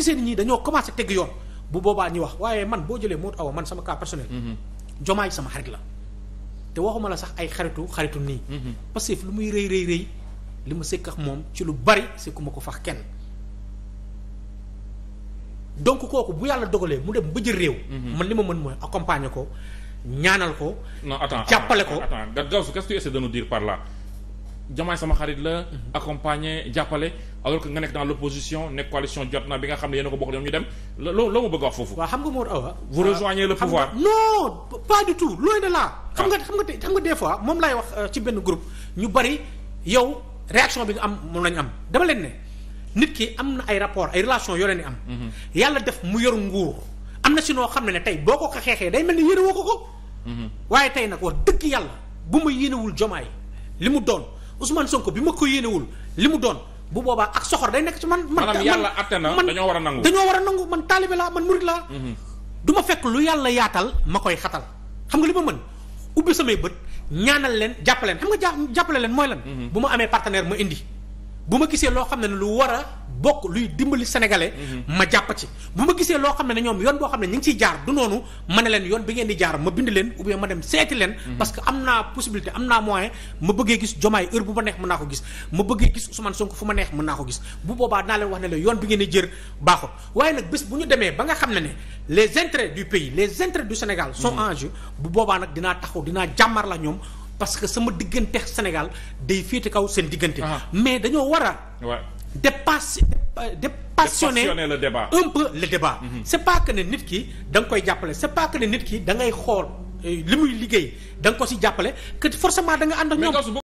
gisee ni ñii dañoo commencé teg yoon bu boobaa ñu wax waaye man boo jëlee Modou Awa man sama cas personnel. Mm-hmm. jomaay sama xarit la. te waxuma la sax ay xaritu xaritu nii. Mm-hmm. parce que lu muy rëy rëy rëy li ma sëkk ak moom ci lu bari sëkkuma ko fax kenn. donc kooku bu yàlla dogalee mu dem ba jël réew. Mm-hmm. man li ma mën mooy accompagner ko ñaanal ko. jàppale ko. attends Gaoussou qu'est-ce que tu essaies de par laa Diomaye sama xarit la accompagner jàppale alors que nga nekk dans l'opposition nekk coalition jot na bi nga xam ne yéen a ko bokk ñoom ñu dem loo loo ma bëgg wax foofu waaw xam nga Mor Awa vous euh, rejoignez de ah. fois moom laay wax euh, ci benn groupe ñu bari yow réaction bi nga am moom lañu am dama leen ne nit ki am na ay rapport ay relation yoo leen di am mhm. yàlla def mu yor nguur am na si noo xam ne ne tey boo ko ko xeexee day mel ni yéene ko ko mhm. waaye tey nag wax dëgg yàlla bu ma yéenewul Diomaye li mu doon Ousmane Sonko bi ma ko yéenewul li mu doon bu boobaa ak soxor day nekk ci man. man maanaam yàlla atte na dañoo war a nangu dañoo war a nangu man taalibe laa man murid laa. Mhm. du ma fekk lu yàlla yaatal ma koy xatal xam nga li ma mën ubbi samay bët ñaanal leen jàppale leen xam nga jàppale leen mooy lan. Mhm. bu ma amee partenaire ma indi bu ma gisee loo xam ne lu war a bokk luy dimbali sénégalais. Mhm. ma jàpp ci bu ma gisee loo xam ne ne ñoom yoon boo xam ne ñu ngi ciy jaar du noonu ma ne leen yoon bi ngeen di jaar ma bind leen ou bien ma dem seeti leen. Mhm. parce que am naa possibilité am naa moyen ma bëggee gis jomaay heure bu ma neex mën naa ko gis ma bëggee gis Ousmane Sonko fu ma neex mën naa ko gis bu boobaa dinaa leen wax ne la yoon bi ngeen di jër nag bés bu ñu demee ba nga xam ne ne les intérêts du pays les intérêts du Sénégal sont mhm. en bu boobaa nag dinaa taxaw dinaa jàmmar la ñoom parce que sama diggante Sénégal day féete kaw seen diggante mais dañoo war a dépasse euh, dépassionner le débat un peu le débat. Mm-hmm. c' est pas ne nit ki danga koy jàppale c' est ne nit ki da ngay xool euh, li muy liggéey da ko si jàppale que forcément da nga ànd ak ñoom.